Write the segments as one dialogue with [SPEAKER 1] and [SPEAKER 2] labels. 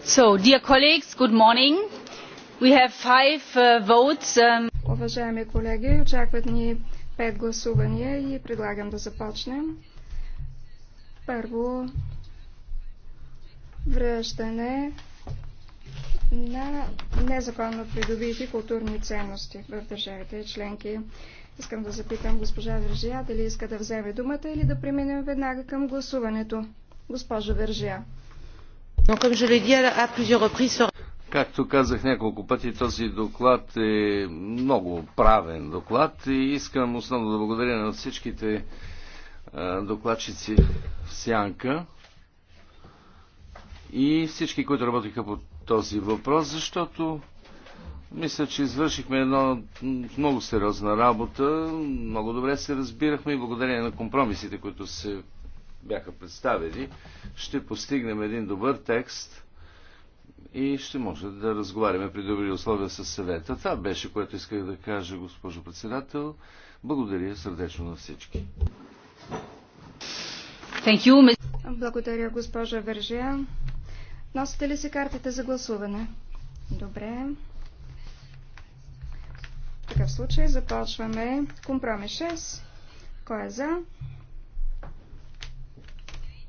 [SPEAKER 1] Uh,
[SPEAKER 2] um, Уважаеми колеги, очакват ни пет гласувания и предлагам да започнем. Първо, връщане на незаконно придобити културни ценности в държавите и членки. Искам да запитам госпожа Вержия дали иска да вземе думата или да преминем веднага към гласуването. Госпожо Вержия.
[SPEAKER 1] Както казах няколко пъти, този доклад е много правен доклад и искам основно да благодаря на всичките е, докладчици в Сянка и всички, които работиха по този въпрос, защото мисля, че извършихме една много сериозна работа, много добре се разбирахме и благодарение на компромисите, които се бяха представени, ще постигнем един добър текст и ще може да разговаряме при добри условия с съвета. Това беше, което исках да кажа, госпожо председател. Благодаря сърдечно на всички.
[SPEAKER 2] Благодаря, госпожа Вържия. Носите ли се картите за гласуване? Добре. В такъв случай започваме компромис 6. Кой е за?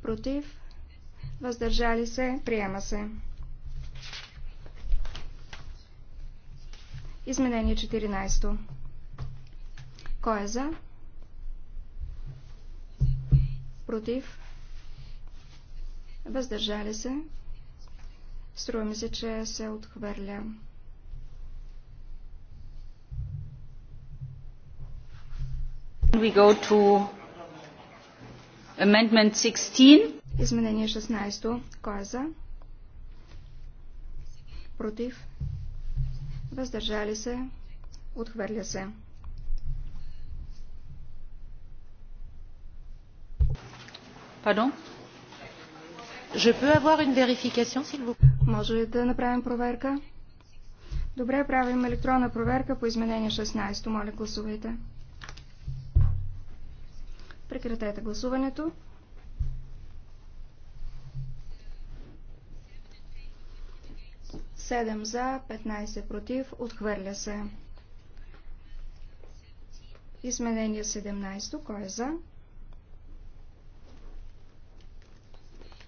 [SPEAKER 2] против, въздържали се, приема се. Изменение 14. Кой е за? Против? Въздържали се? Струва ми се, че се отхвърля. We go to Amendment 16. Изменение 16. Кой е за? Против? Въздържали се? Отхвърля се. Pardon? Je peux avoir une vérification, s'il vous plaît? Може ли да направим проверка? Добре, правим електронна проверка по изменение 16. Моля, гласувайте. Прекратете гласуването. Седем за, 15 против, отхвърля се. Изменение 17. Кой е за?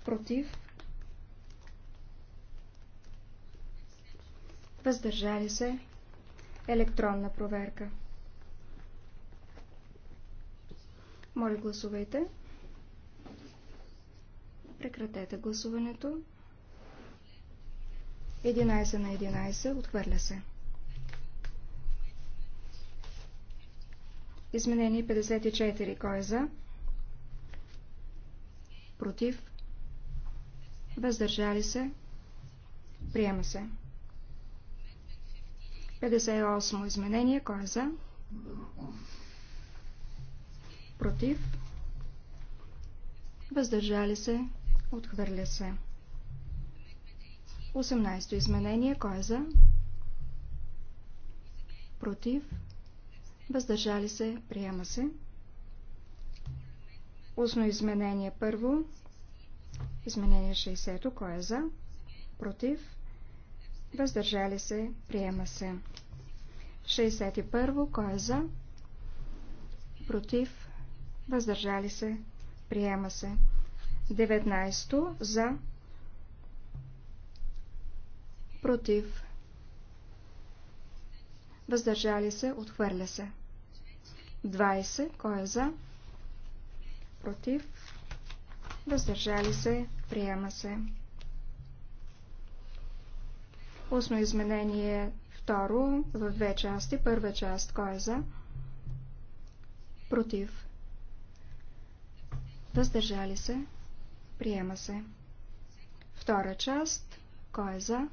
[SPEAKER 2] Против. Въздържали се. Електронна проверка. Моля, гласувайте. Прекратете гласуването. 11 на 11. Отхвърля се. Изменение 54. Кой е за? Против? Въздържали се? Приема се. 58. Изменение. Кой е за? против, въздържали се, отхвърля се. 18 изменение, кой е за? Против, въздържали се, приема се. Устно изменение първо, изменение 60-то, кой е за? Против, въздържали се, приема се. 61 кой е за? Против, въздържали се, приема се. 19 за, против, въздържали се, отхвърля се. 20, кой е за, против, въздържали се, приема се. Устно изменение второ в две части. Първа част кой е за? Против. Въздържали се. Приема се. Втора част. Кой е за?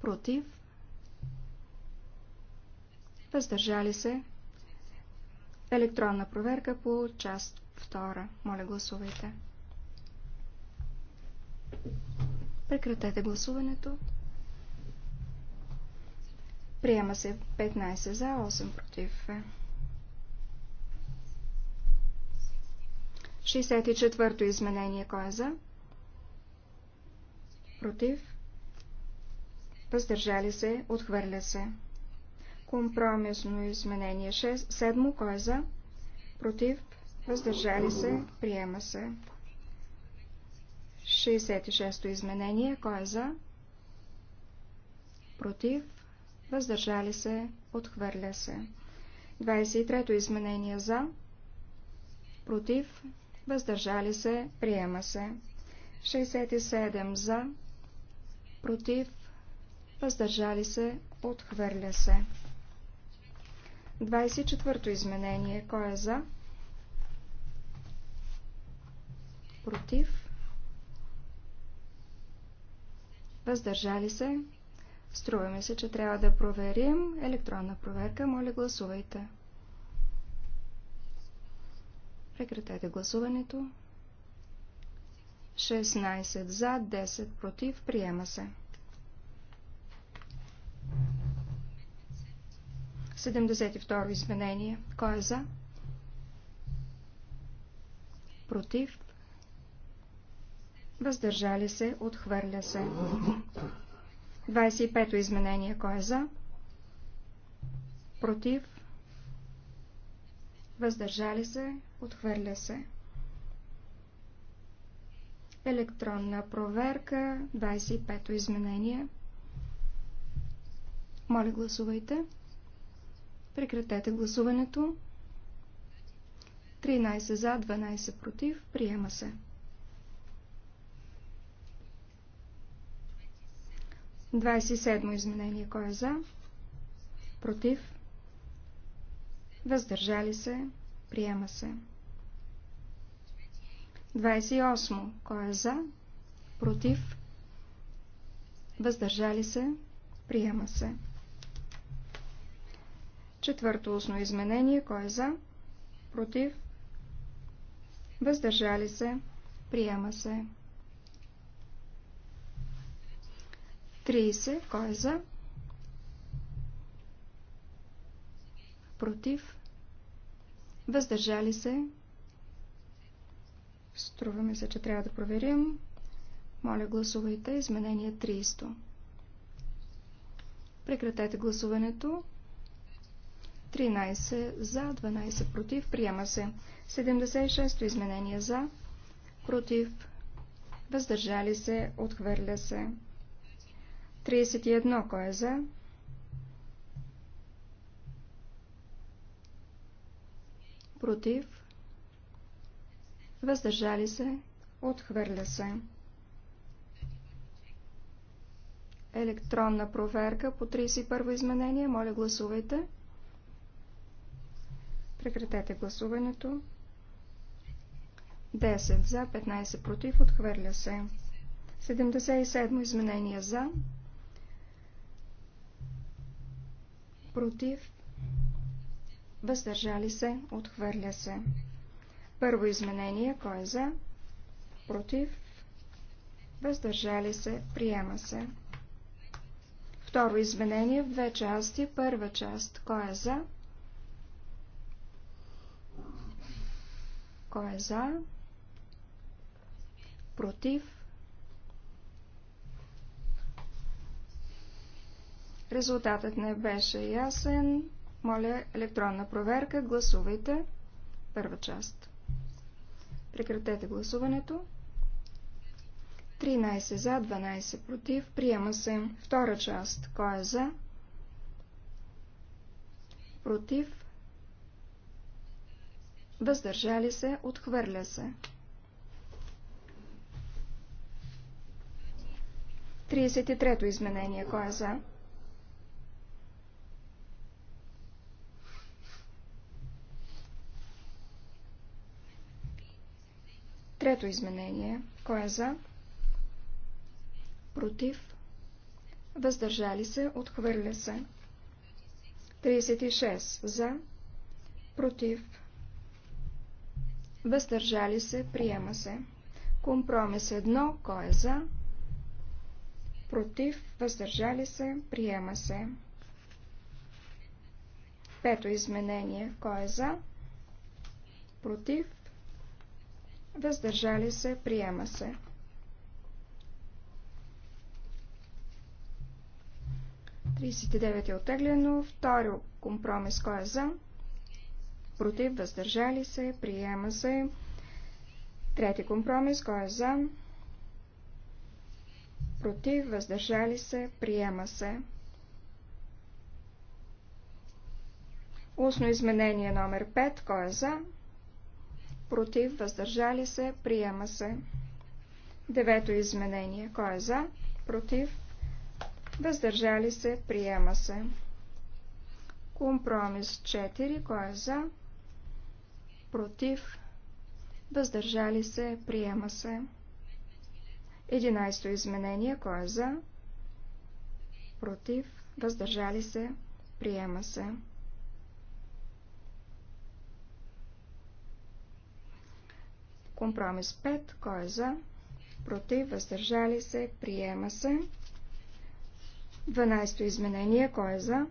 [SPEAKER 2] Против. Въздържали се. Електронна проверка по част втора. Моля, гласувайте. Прекратете гласуването. Приема се 15 за, 8 против. 64-то изменение. Кой е за? Против? Въздържали се? Отхвърля се. Компромисно изменение 7. Кой е за? Против? Въздържали се? Приема се. 66-то изменение. Кой е за? Против? Въздържали се? Отхвърля се. 23-то изменение за? Против? въздържали се, приема се. 67 за, против, въздържали се, отхвърля се. 24-то изменение. Кой е за? Против. Въздържали се. Струваме се, че трябва да проверим. Електронна проверка. Моля, гласувайте. Прекратете гласуването. 16 за, 10 против. Приема се. 72 изменение. Кой е за? Против. Въздържали се. Отхвърля се. 25 изменение. Кой е за? Против въздържали се, отхвърля се. Електронна проверка, 25-то изменение. Моля, гласувайте. Прекратете гласуването. 13 за, 12 против. Приема се. 27 изменение. Кой е за? Против? въздържали се, приема се. 28. Кой е за? Против? Въздържали се? Приема се. Четвърто устно изменение. Кой е за? Против? Въздържали се? Приема се. 30. Кой е за? против, въздържали се. Струва ми се, че трябва да проверим. Моля, гласувайте изменение 300. Прекратете гласуването. 13 за, 12 против. Приема се. 76-то изменение за, против, въздържали се, отхвърля се. 31 кой е за, против, въздържали се, отхвърля се. Електронна проверка по 31 изменение. Моля, гласувайте. Прекратете гласуването. 10 за, 15 против, отхвърля се. 77 изменение за, против, въздържали се, отхвърля се. Първо изменение, кой е за, против, въздържали се, приема се. Второ изменение в две части, първа част, кой е за, кой е за, против, Резултатът не беше ясен. Моля електронна проверка. Гласувайте. Първа част. Прекратете гласуването. 13 за, 12 против. Приема се. Втора част. Кой е за? Против. Въздържали се. Отхвърля се. 33-то изменение. Кой е за? Трето изменение. Кой е за? Против. Въздържали се. Отхвърля се. 36. За. Против. Въздържали се. Приема се. Компромис 1. Кой е за? Против. Въздържали се. Приема се. Пето изменение. Кой е за? Против въздържали се, приема се. Тридесет девет е оттеглено. Втори компромис, кой е за? Против, въздържали се, приема се. Трети компромис, кой е за? Против, въздържали се, приема се. Устно изменение номер 5, кой е за? против, въздържали се, приема се. Девето изменение. Кой е за? Против, въздържали се, приема се. Компромис 4. Кой е за? Против, въздържали се, приема се. Единайсто изменение. Кой е за? Против, въздържали се, приема се. Компромис 5. Кой е за? Против. Въздържали се. Приема се. 12-то изменение. Кой е за?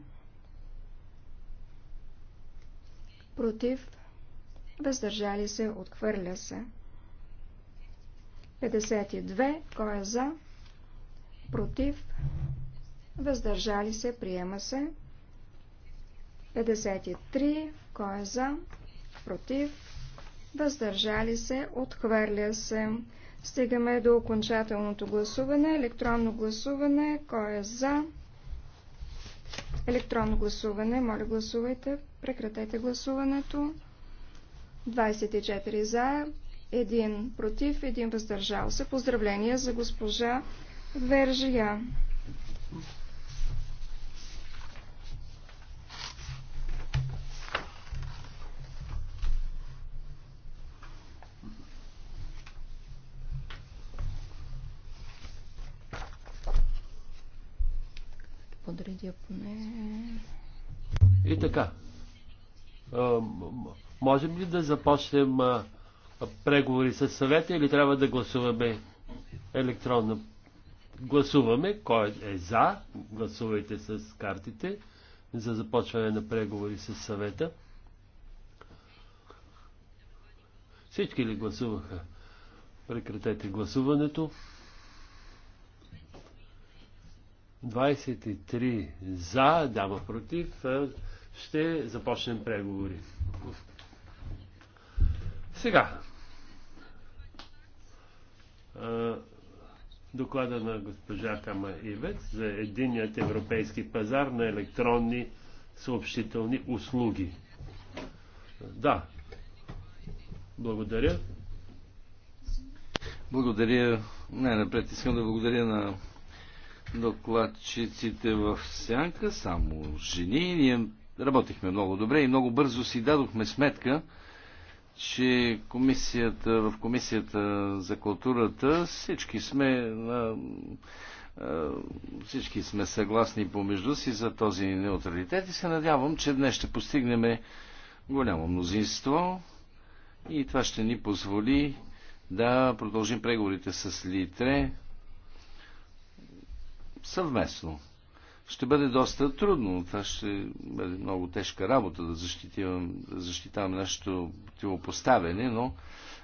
[SPEAKER 2] Против. Въздържали се. Отхвърля се. 52. Кой е за? Против. Въздържали се. Приема се. 53. Кой е за? Против въздържали се, отхвърля се. Стигаме до окончателното гласуване, електронно гласуване, кой е за, електронно гласуване, моля гласувайте, прекратете гласуването, 24 за, един против, един въздържал се. Поздравления за госпожа Вержия. следя поне.
[SPEAKER 3] И така. Можем ли да започнем преговори с съвета или трябва да гласуваме електронно? Гласуваме. Кой е за? Гласувайте с картите за започване на преговори с съвета. Всички ли гласуваха? Прекратете гласуването. 23 за, дама против, ще започнем преговори. Сега. Доклада на госпожа Кама Ивец за единият европейски пазар на електронни съобщителни услуги. Да. Благодаря.
[SPEAKER 1] Благодаря. Не, напред искам да благодаря на докладчиците в сянка, само жени. Ние работихме много добре и много бързо си дадохме сметка, че комисията, в комисията за културата всички сме на всички сме съгласни помежду си за този неутралитет и се надявам, че днес ще постигнем голямо мнозинство и това ще ни позволи да продължим преговорите с Литре съвместно. Ще бъде доста трудно. Това ще бъде много тежка работа да защитаваме, да защитаваме нашето противопоставяне, но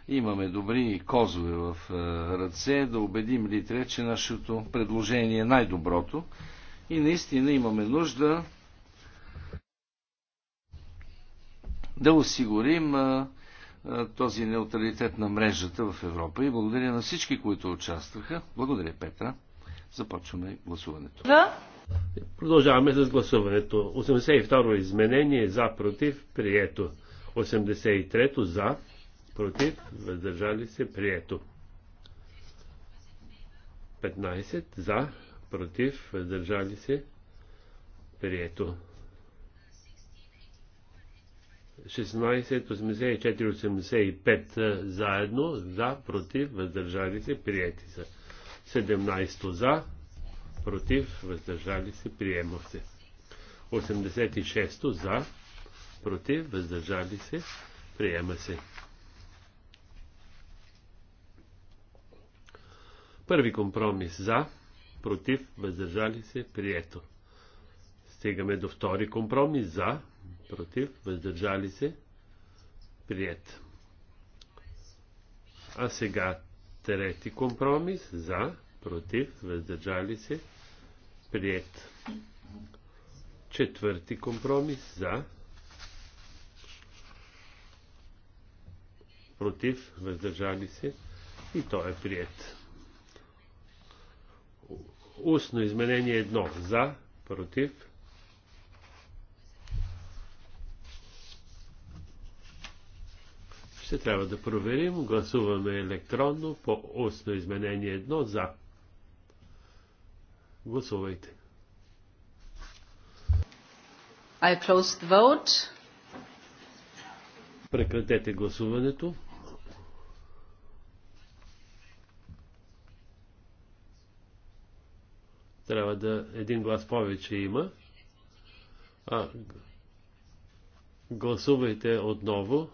[SPEAKER 1] имаме добри козове в е, ръце да убедим Литре, че нашето предложение е най-доброто и наистина имаме нужда да осигурим е, е, този неутралитет на мрежата в Европа. И благодаря на всички, които участваха. Благодаря, Петра. Започваме гласуването. Да. Продължаваме с гласуването.
[SPEAKER 3] 82-ро изменение за, против, прието. 83-то за, против, въздържали се, прието. 15 за, против, въздържали се, прието. 16, 84, 85 заедно, за, против, въздържали се, прияти са. 17 за, против, въздържали се, приема се. 86 за, против, въздържали се, приема се. Първи компромис за, против, въздържали се, прието. Стигаме до втори компромис за, против, въздържали се, прият. А сега Трети компромис за, против, въздържали се, прият. Четвърти компромис за, против, въздържали се и то е прият. Устно изменение едно за, против, Ще трябва да проверим. Гласуваме електронно по устно изменение 1 за. Гласувайте.
[SPEAKER 2] I close the vote.
[SPEAKER 3] Прекратете гласуването. Трябва да един глас повече има. А, гласувайте отново.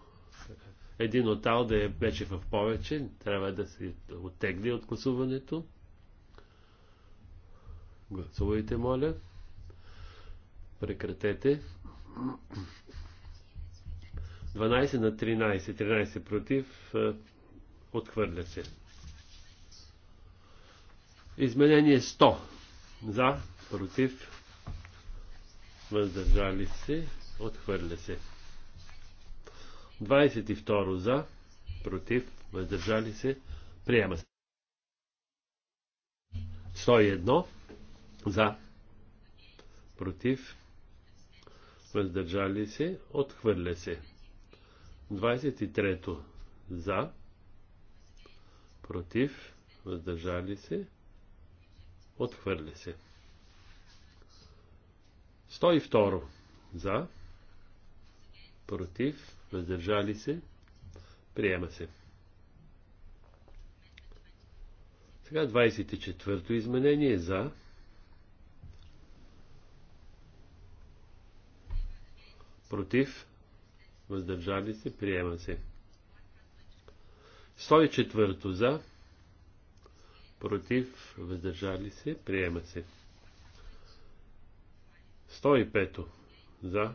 [SPEAKER 3] Един от да е вече в повече, трябва да се оттегли от гласуването. Гласувайте, моля. Прекратете. 12 на 13, 13 против, е, отхвърля се. Изменение 100. За, против, въздържали се, отхвърля се. 22 за, против, въздържали се, приема се. 101 за, против, въздържали се, отхвърля се. 23 за, против, въздържали се, отхвърля се. 102 за, против, въздържали се, приема се. Сега 24-то изменение за, против, въздържали се, приема се. 104-то за, против, въздържали се, приема се. 105 за,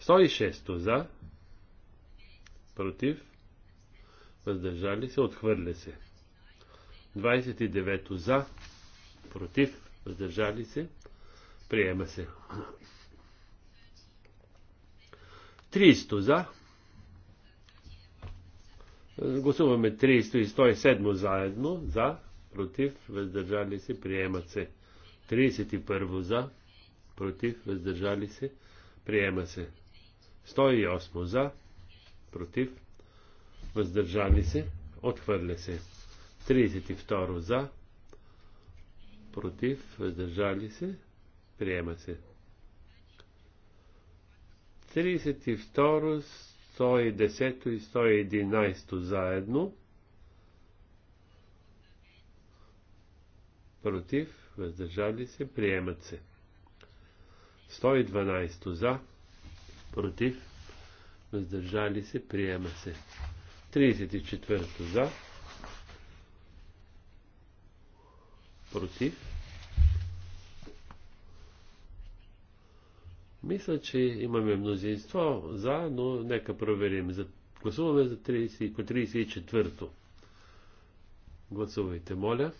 [SPEAKER 3] 106 за, против, въздържали се, отхвърля се. 29 за, против, въздържали се, приема се. 300 за. Гласуваме 300 и 107 заедно. За, против, въздържали се, приемат се. 31 за, против, въздържали се, приема се. 108 за, против, въздържали се, отхвърля се. 32 за, против, въздържали се, приема се. 32, 110 и 111 заедно, против, въздържали се, приемат се. 112 за, против, въздържали се, приема се. 34-то за, против. Мисля, че имаме мнозинство за, но нека проверим. гласуваме за 30, 34-то. Гласувайте, моля.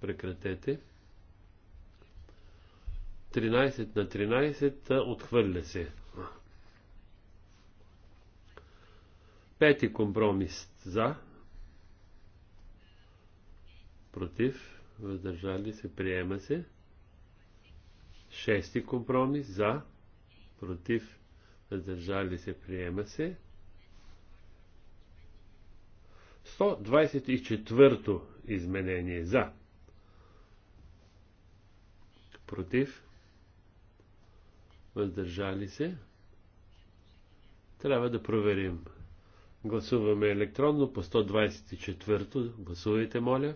[SPEAKER 3] Прекратете. 13 на 13 отхвърля се. Пети компромис за, против, въздържали се, приема се. Шести компромис за, против, въздържали се, приема се. 124-то изменение за, против, въздържали се. Трябва да проверим. Гласуваме електронно по 124-то. Гласувайте, моля.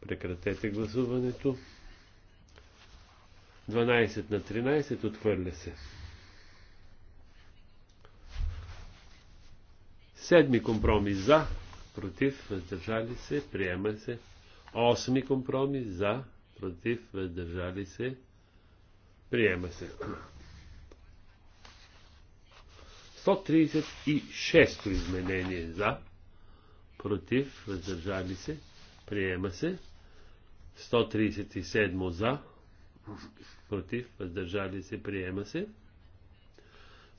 [SPEAKER 3] Прекратете гласуването. 12 на 13 отхвърля се. Седми компромис за, против, въздържали се, приема се. Осми компромис за, против, въздържали се, приема се. 136 изменение за, против, въздържали се, приема се. 137 за, против, въздържали се, приема се.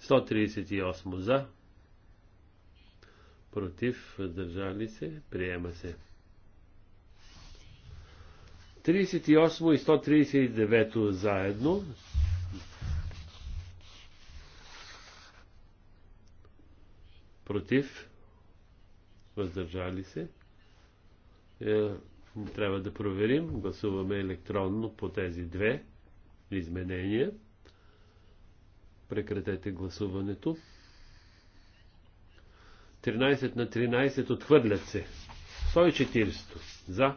[SPEAKER 3] 138 за, против, въздържали се, приема се. 38 и 139 заедно против, въздържали се. Е, трябва да проверим. Гласуваме електронно по тези две изменения. Прекратете гласуването. 13 на 13 отхвърлят се. 140 за.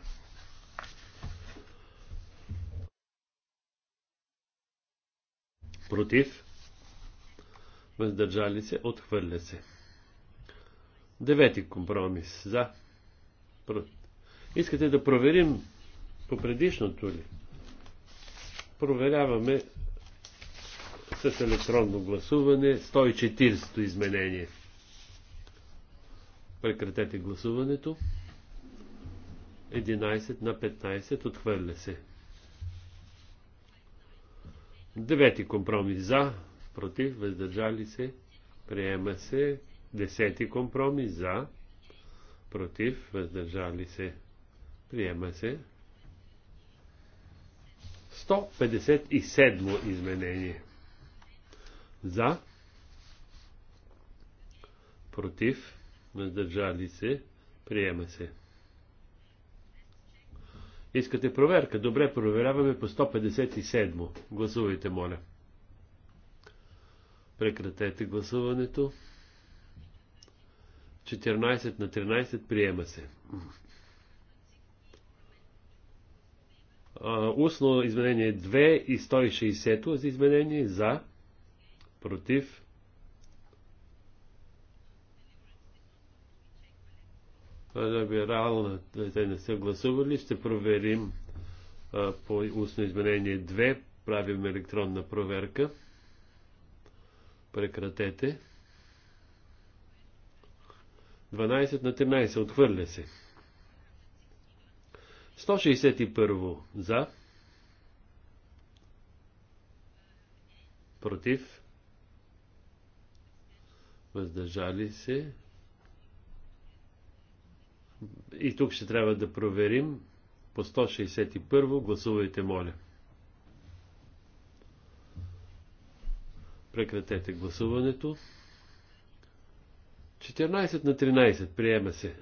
[SPEAKER 3] Против. Въздържали се. Отхвърля се. Девети компромис. За. Искате да проверим по предишното ли? Проверяваме с електронно гласуване 140-то изменение. Прекратете гласуването. 11 на 15 отхвърля се. Девети компромис за, против, въздържали се, приема се. Десети компромис за, против, въздържали се, приема се. 157 изменение. За, против, въздържали се, приема се. Искате проверка? Добре, проверяваме по 157. Гласувайте, моля. Прекратете гласуването. 14 на 13 приема се. Устно изменение 2 и 160 за изменение за, против. Либерална, те не са гласували. Ще проверим по устно изменение 2. Правим електронна проверка. Прекратете. 12 на 13. Отхвърля се. 161. За. Против. Въздържали се. И тук ще трябва да проверим. По 161 гласувайте, моля. Прекратете гласуването. 14 на 13 приема се.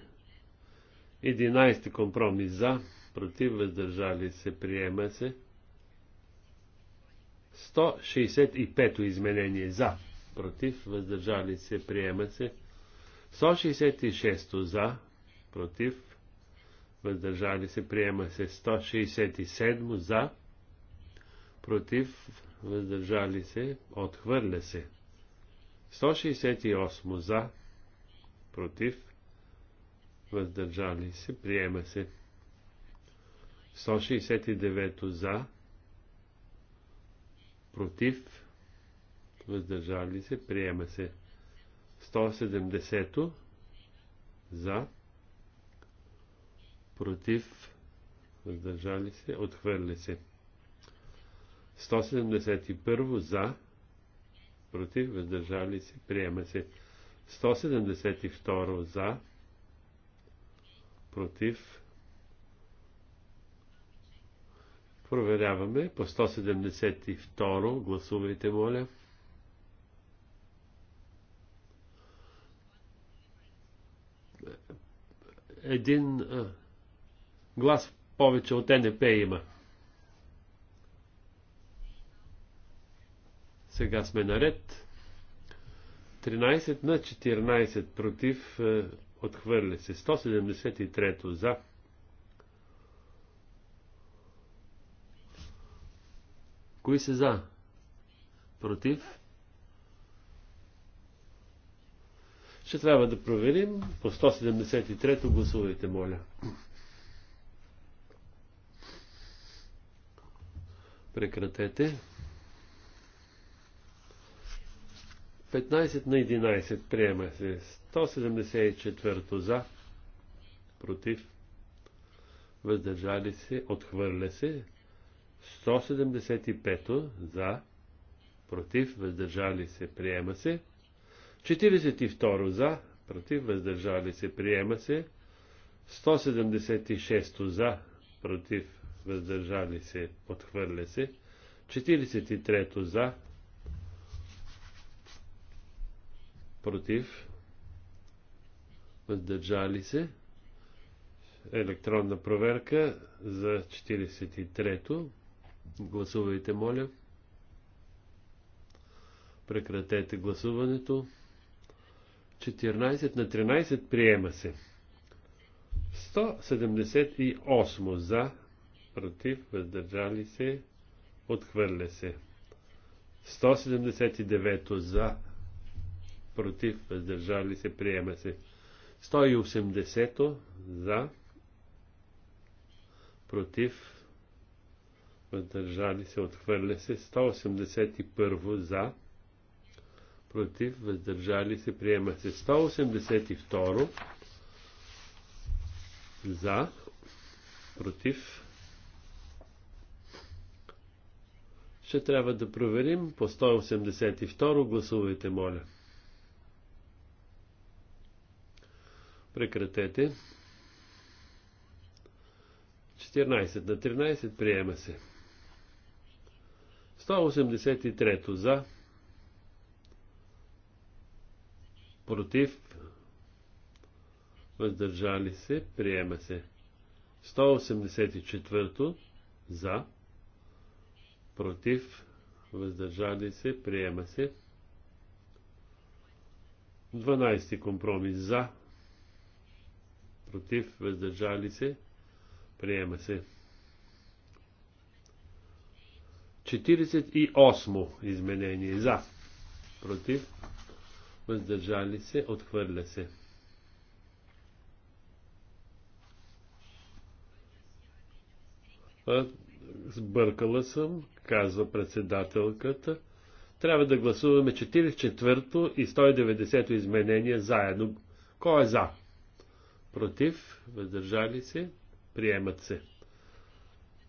[SPEAKER 3] 11 компромис за, против, въздържали се, приема се. 165 изменение за, против, въздържали се, приема се. 166 за, против, въздържали се, приема се. 167 за, против, въздържали се, отхвърля се. 168 за, против, въздържали се, приема се. 169 за, против, въздържали се, приема се. 170 за, против, въздържали се, отхвърли се. 171 за, против, въздържали се, приема се. 172 за, против. Проверяваме по 172. Гласувайте, моля. Един а, глас повече от НП има. Сега сме наред. 13 на 14 против е, отхвърля се. 173 за. Кои са за? Против? Ще трябва да проверим. По 173 гласувайте, моля. Прекратете. 15 на 11 приема се. 174 за, против, въздържали се, отхвърля се. 175 за, против, въздържали се, приема се. 42 за, против, въздържали се, приема се. 176 за, против, въздържали се, отхвърля се. 43 за, против, въздържали се. Електронна проверка за 43-то. Гласувайте, моля. Прекратете гласуването. 14 на 13 приема се. 178 за, против, въздържали се, отхвърля се. 179 за, против, въздържали се, приема се. 180 за, против, въздържали се, отхвърля се. 181 за, против, въздържали се, приема се. 182 за, против. Ще трябва да проверим по 182 гласувайте, моля. Прекратете. 14 на 13 приема се. 183 за. Против. Въздържали се. Приема се. 184 за. Против. Въздържали се. Приема се. 12 компромис за против, въздържали се, приема се. 48 изменение за, против, въздържали се, отхвърля се. Сбъркала съм, казва председателката. Трябва да гласуваме 44-то и 190-то изменение заедно. Кой е за? против, въздържали се, приемат се.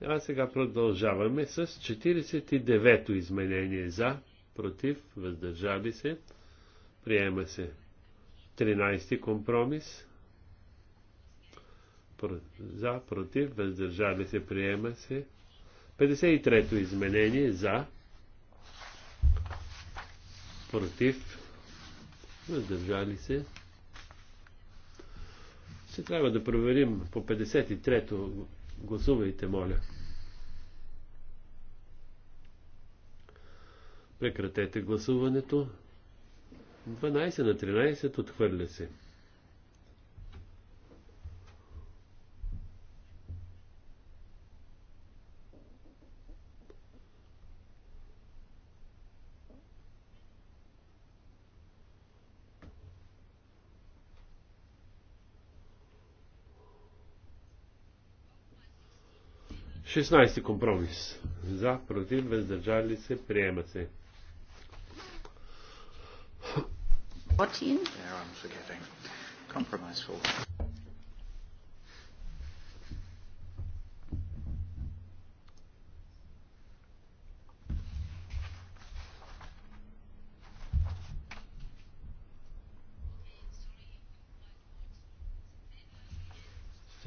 [SPEAKER 3] А сега продължаваме с 49-то изменение за, против, въздържали се, приема се. 13-ти компромис за, против, въздържали се, приема се. 53-то изменение за, против, въздържали се, ще трябва да проверим по 53-то. Гласувайте, моля. Прекратете гласуването. 12 на 13 отхвърля се. 16 компромис. За, против, въздържали се, приема се. 14.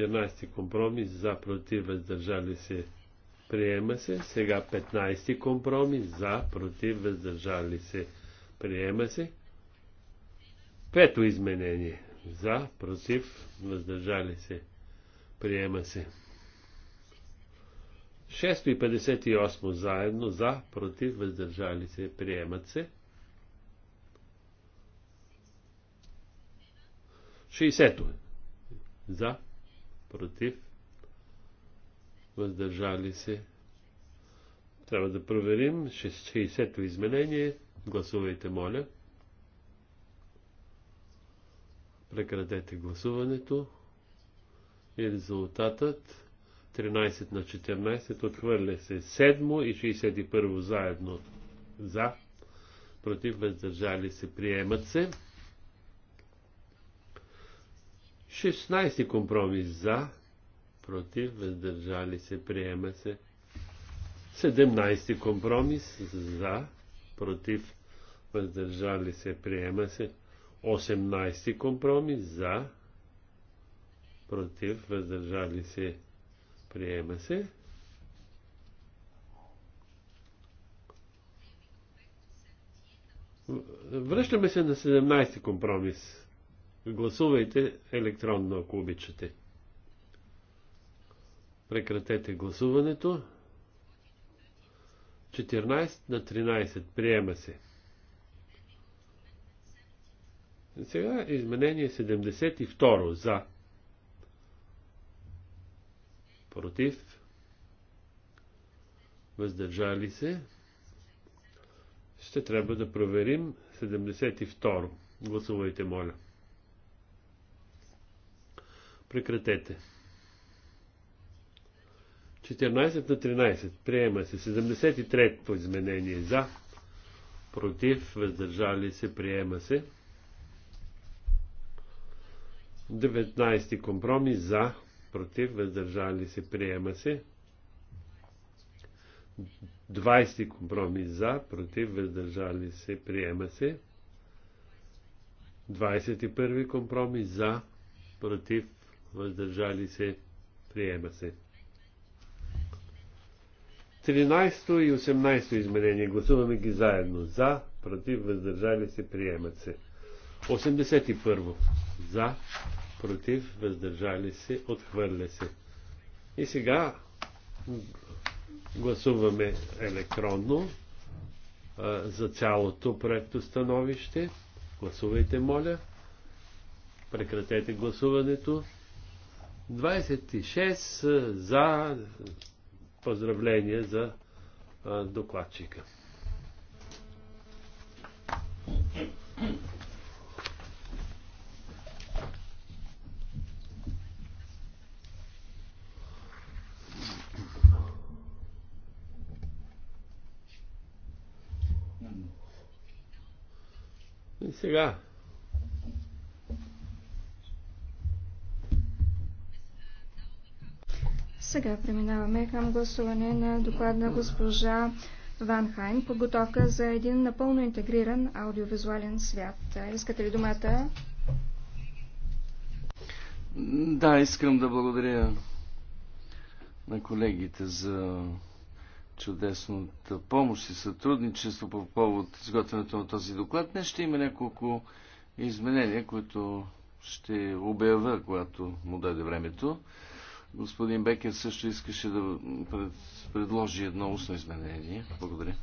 [SPEAKER 3] 14 компромис за, против, въздържали се, приема се. Сега 15 компромис за, против, въздържали се, приема се. Пето изменение за, против, въздържали се, приема се. 6 и 58 заедно за, против, въздържали се, приемат се. 60 е, за, против, въздържали се. Трябва да проверим 60-то изменение. Гласувайте, моля. Прекратете гласуването. И резултатът 13 на 14 отхвърля се. 7 и 61 заедно за. Против въздържали се. Приемат се. 16 компромис за, против, въздържали се, приема се. 17 компромис за, против, въздържали се, приема се. 18 компромис за, против, въздържали се, приема се. Връщаме се на 17 компромис. Гласувайте електронно, ако обичате. Прекратете гласуването. 14 на 13. Приема се. Сега изменение 72. За. Против. Въздържали се. Ще трябва да проверим 72. Гласувайте, моля. Прекратете. 14 на 13. Приема се. 73-то изменение. За. Против. Въздържали се. Приема се. 19 компромис. За. Против. Въздържали се. Приема се. 20 компромис. За. Против. Въздържали се. Приема се. 21 компромис. За. Против въздържали се, приема се. 13 и 18 изменение. Гласуваме ги заедно. За, против, въздържали се, приемат се. 81. За, против, въздържали се, отхвърля се. И сега гласуваме електронно а, за цялото проекто становище. Гласувайте, моля. Прекратете гласуването. 26 за поздравление за докладчика. сега
[SPEAKER 2] Сега преминаваме към гласуване на доклад на госпожа Ван Хайн, подготовка за един напълно интегриран аудиовизуален свят. Искате ли думата?
[SPEAKER 1] Да, искам да благодаря на колегите за чудесната помощ и сътрудничество по повод изготвянето на този доклад. Днес ще има няколко изменения, които ще обявя, когато му даде времето. Господин Бекер също искаше да пред, предложи едно устно изменение. Благодаря.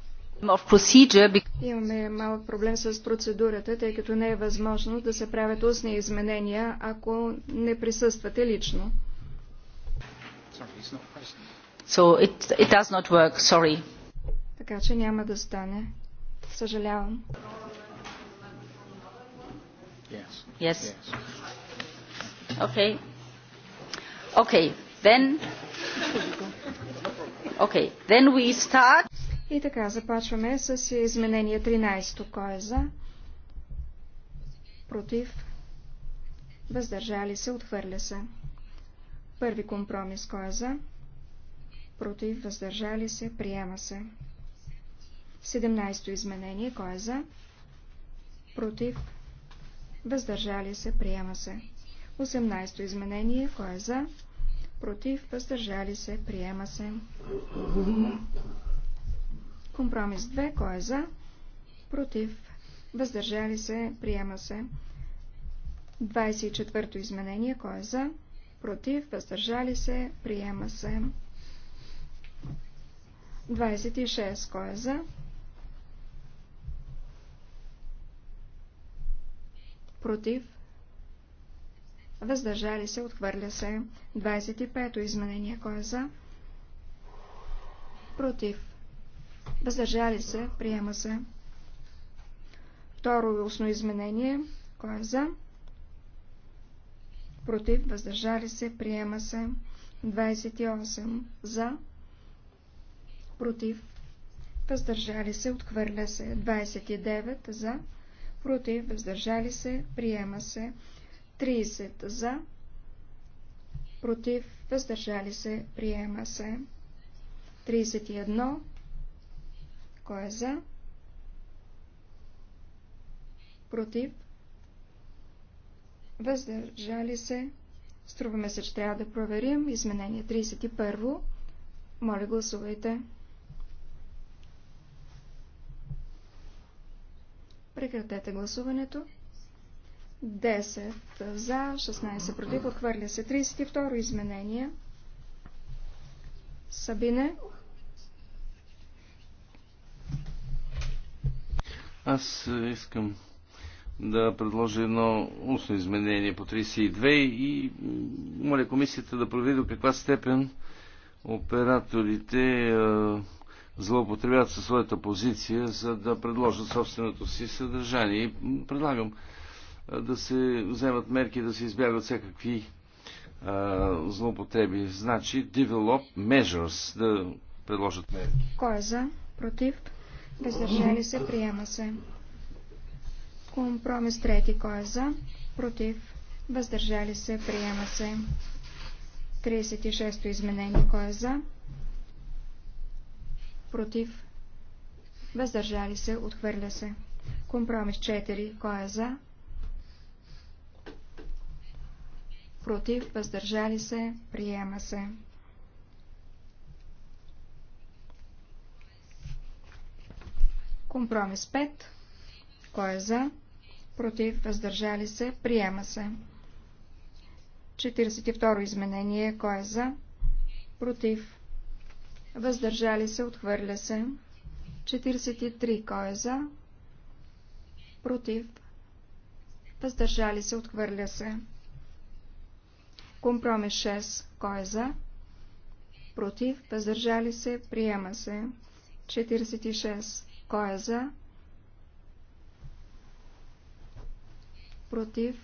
[SPEAKER 2] Имаме малък проблем с процедурата, тъй като не е възможно да се правят устни изменения, ако не присъствате лично.
[SPEAKER 1] So it, it does not work. Sorry.
[SPEAKER 2] Така че няма да стане. Съжалявам.
[SPEAKER 1] Yes. Yes. Okay.
[SPEAKER 2] И така започваме с изменение 13. Кой е за? Против? Въздържали се? Отхвърля се. Първи компромис. Кой е за? Против? Въздържали се? Приема се. 17 изменение. Кой е за? Против? Въздържали се? Приема се. 18 изменение. Кой е за? Против? против, въздържали се, приема се. Компромис 2, кой е за, против, въздържали се, приема се. 24-то изменение, кой е за, против, въздържали се, приема се. 26, кой е за, против, въздържали се, отхвърля се. 25-то изменение, кой е за? Против. Въздържали се, приема се. Второ устно изменение, кой е за? Против, въздържали се, приема се. 28 за. Против. Въздържали се, отхвърля се. 29 за. Против, въздържали се, приема се. 30 за, против, въздържали се, приема се. 31, кой е за, против, въздържали се, струваме се, че трябва да проверим, изменение 31, моля гласувайте. Прекратете гласуването. 10 за, 16 против, отхвърля се. 32 изменение. Сабине.
[SPEAKER 1] Аз искам да предложа едно устно изменение по 32 и моля комисията да провери до каква степен операторите е, злоупотребяват със своята позиция, за да предложат собственото си съдържание. И предлагам да се вземат мерки да се избягат всякакви а, злоупотреби. Значи develop measures, да предложат мерки.
[SPEAKER 2] Кой е за? Против? Въздържали се? Приема се. Компромис трети. Кой е за? Против? Въздържали се? Приема се. 36-то изменение. Кой е за? Против? Въздържали се? Отхвърля се. Компромис 4. Кой е за? против, въздържали се, приема се. Компромис 5. Кой е за? Против, въздържали се, приема се. 42 изменение. Кой е за? Против. Въздържали се, отхвърля се. 43. Кой е за? Против. Въздържали се, отхвърля се. Компромис 6. Кой е за? Против. Въздържали се. Приема се. 46. Кой е за? Против.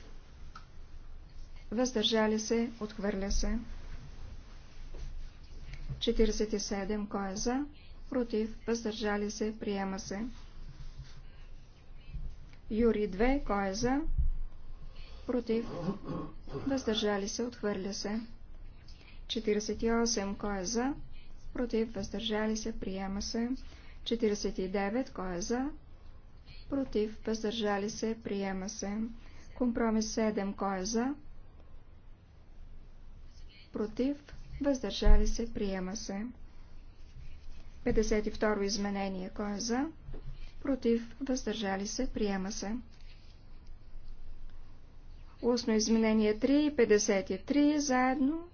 [SPEAKER 2] Въздържали се. Отхвърля се. 47. Кой е за? Против. Въздържали се. Приема се. Юри 2. Кой е за? против, въздържали се, отхвърля се. 48. Кой е за? Против, въздържали се, приема се. 49. Кой е за? Против, въздържали се, приема се. Компромис 7. Кой е за? Против, въздържали се, приема се. 52. Изменение. Кой е за? Против, въздържали се, приема се. Устно изменение 3 и 53 заедно.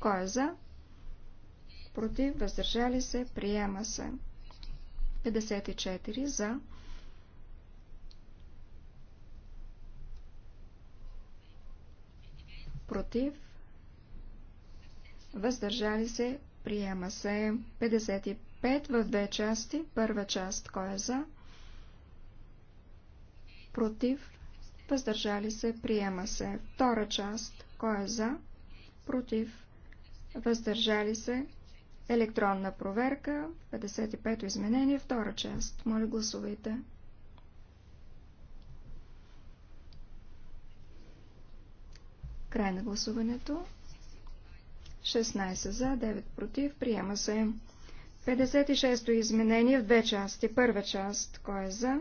[SPEAKER 2] Кой е за? Против, въздържали се, приема се. 54 за. Против, въздържали се, приема се. 55 в две части. Първа част, кой е за? Против, въздържали се, приема се. Втора част, кой е за, против, въздържали се, електронна проверка, 55-то изменение, втора част. Моля, гласувайте. Край на гласуването. 16 за, 9 против, приема се. 56-то изменение в две части. Първа част, кой е за?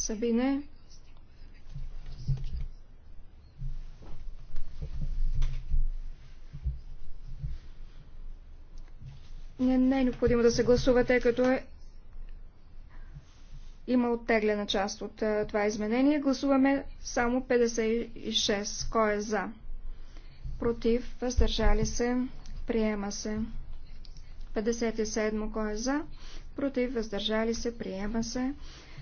[SPEAKER 2] Sabine. Не, не е необходимо да се гласува, тъй като е... има оттеглена част от това изменение. Гласуваме само 56. Кой е за? Против? Въздържали се? Приема се. 57. Кой е за? Против? Въздържали се? Приема се.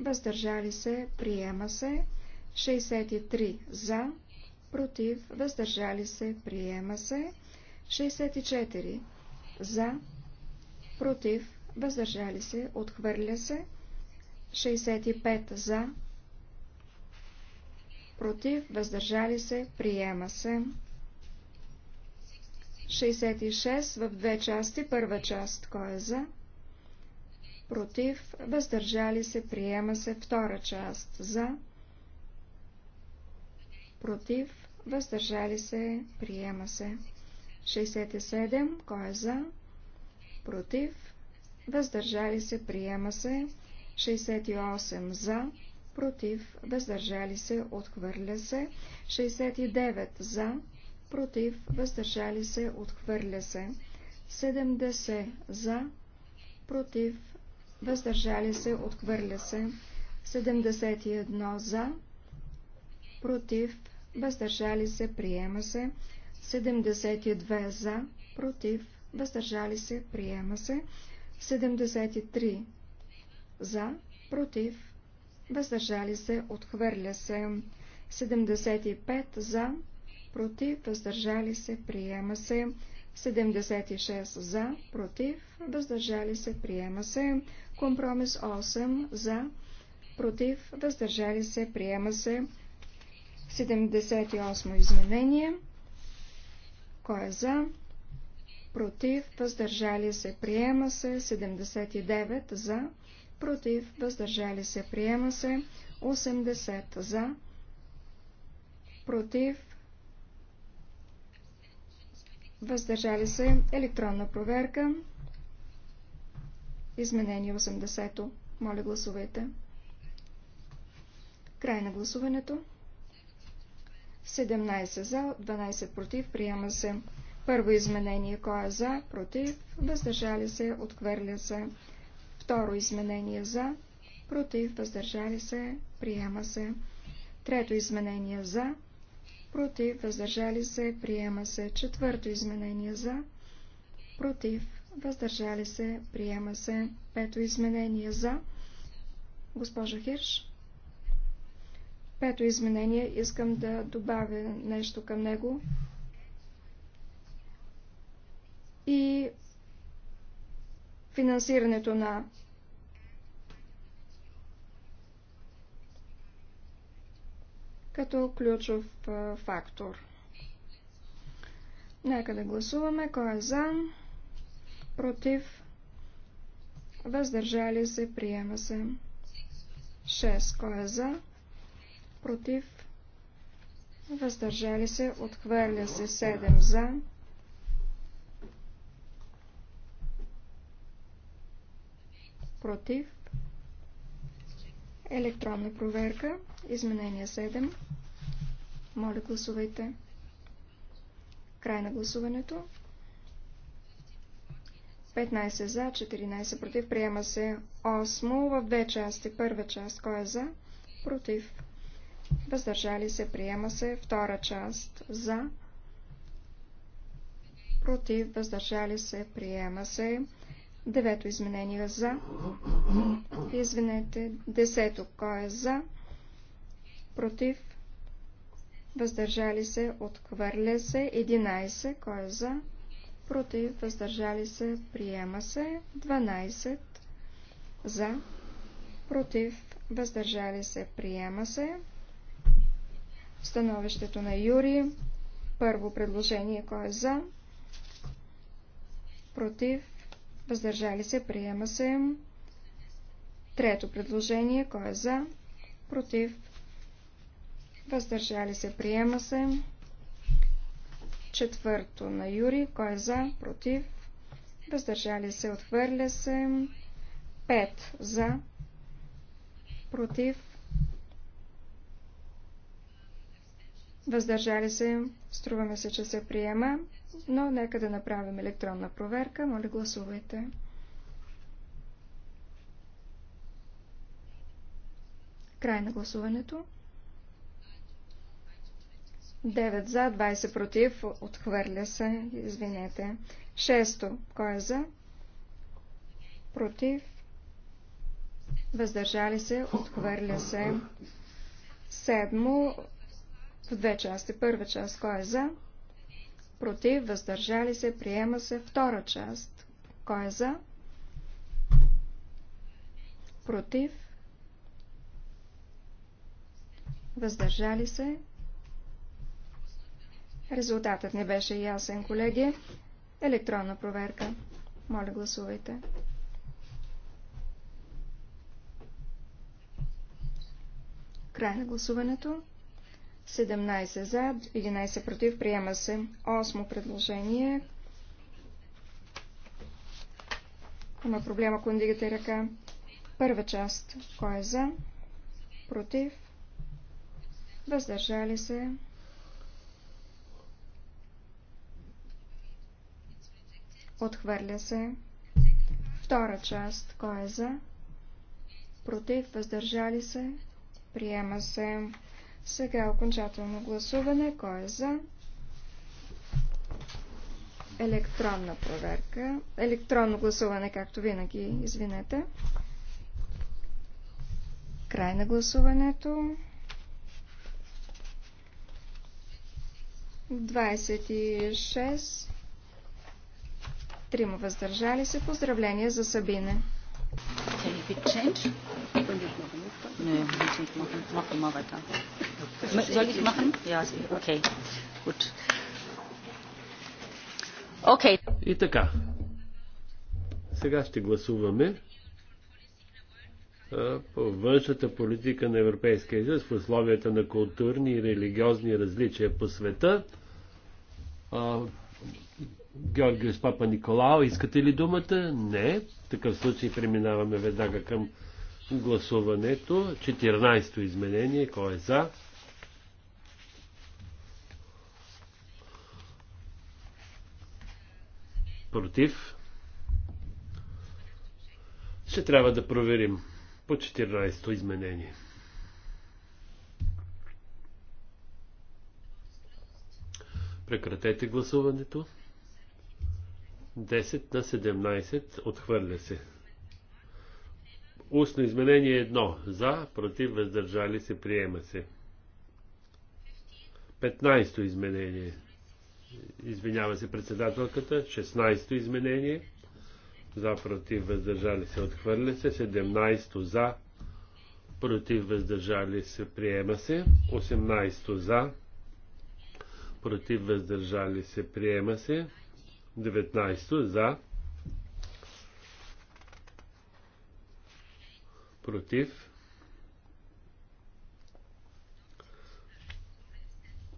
[SPEAKER 2] въздържали се, приема се. 63 за, против, въздържали се, приема се. 64 за, против, въздържали се, отхвърля се. 65 за, против, въздържали се, приема се. 66 в две части, първа част, кой е за, против, въздържали се, приема се втора част за, против, въздържали се, приема се. 67, кой е за, против, въздържали се, приема се. 68 за, против, въздържали се, отхвърля се. 69 за, против, въздържали се, отхвърля се. 70 за, против, въздържали се, отхвърля се. 71 за, против, въздържали се, приема се. 72 за, против, въздържали се, приема се. 73 за, против, въздържали се, отхвърля се. 75 за, против, въздържали се, приема се. 76 за, против, въздържали се, приема се. Компромис 8 за, против, въздържали се, приема се. 78 изменение. Кой е за? Против, въздържали се, приема се. 79 за, против, въздържали се, приема се. 80 за, против, въздържали се, електронна проверка, изменение 80-то. Моля, гласувайте. Край на гласуването. 17 за, 12 против, приема се. Първо изменение, кой е за, против, въздържали се, отхвърля се. Второ изменение за, против, въздържали се, приема се. Трето изменение за, против, въздържали се, приема се. Четвърто изменение за, против, въздържали се, приема се. Пето изменение за, госпожа Хирш. Пето изменение, искам да добавя нещо към него. И финансирането на като ключов фактор. Нека да гласуваме кой е за, против, въздържали се, приема се. 6. Кой е за, против, въздържали се, отхвърля се. 7. За, против, Електронна проверка. Изменение 7. Моля, гласувайте. Край на гласуването. 15 за, 14 против. Приема се 8 в две части. Първа част. Кой е за? Против. Въздържали се. Приема се втора част. За. Против. Въздържали се. Приема се. Девето изменение е за. Извинете, десето. Кой е за? Против. Въздържали се. Отхвърля се. 11. Кой е за? Против. Въздържали се. Приема се. 12. За. Против. Въздържали се. Приема се. Становището на Юри. Първо предложение. Кой е за? Против въздържали се, приема се. Трето предложение, кой е за, против, въздържали се, приема се. Четвърто на Юри, кой е за, против, въздържали се, отхвърля се. Пет за, против, въздържали се, струваме се, че се приема но нека да направим електронна проверка. Моля, гласувайте. Край на гласуването. 9 за, 20 против, отхвърля се, извинете. 6. Кой е за? Против. Въздържали се, отхвърля се. Седмо. В две части. Първа част. Кой е за? против, въздържали се, приема се втора част. Кой е за? Против, въздържали се. Резултатът не беше ясен, колеги. Електронна проверка. Моля, гласувайте. Край на гласуването. 17 за, 11 против, приема се. Осмо предложение. Има проблем, ако не дигате ръка. Първа част. Кой е за? Против? Въздържали се? Отхвърля се. Втора част. Кой е за? Против? Въздържали се? Приема се. Сега окончателно гласуване. Кой е за? Електронна проверка. Електронно гласуване, както винаги, извинете. Край на гласуването. 26. Трима въздържали се. Поздравления за Сабине.
[SPEAKER 1] Can you Nee, muss nicht machen. Mach mal weiter. Soll ich machen? Ja, okay. Gut.
[SPEAKER 3] Okay. И така. Сега ще гласуваме по външната политика на Европейския съюз в условията на културни и религиозни различия по света. Георгиус Папа Николао, искате ли думата? Не. В такъв случай преминаваме веднага към гласуването. 14-то изменение. Кой е за? Против? Ще трябва да проверим по 14-то изменение. Прекратете гласуването. 10 на 17 отхвърля се. Устно изменение 1. За, против, въздържали се, приема се. 15-то изменение. Извинява се председателката. 16-то изменение. За, против, въздържали се, отхвърля се. 17-то за, против, въздържали се, приема се. 18-то за, против, въздържали се, приема се. 19-то за, против,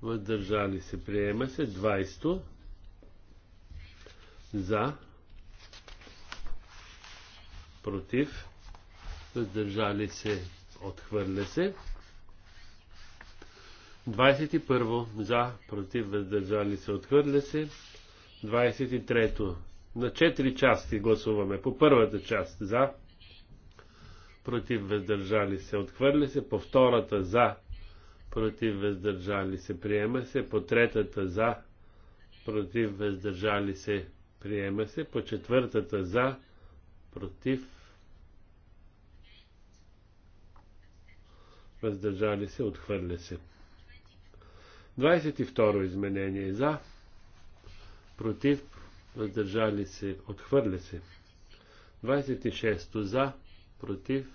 [SPEAKER 3] въздържали се, приема се, 20 за, против, въздържали се, отхвърля се. 21 за, против, въздържали се, отхвърля се. 23 на 4 части гласуваме. По първата част за, против въздържали се, отхвърля се, по втората за, против въздържали се, приема се, по третата за, против въздържали се, приема се, по четвъртата за, против въздържали се, отхвърля се. 22 изменение е за, против, въздържали се, отхвърля се. 26 за, против,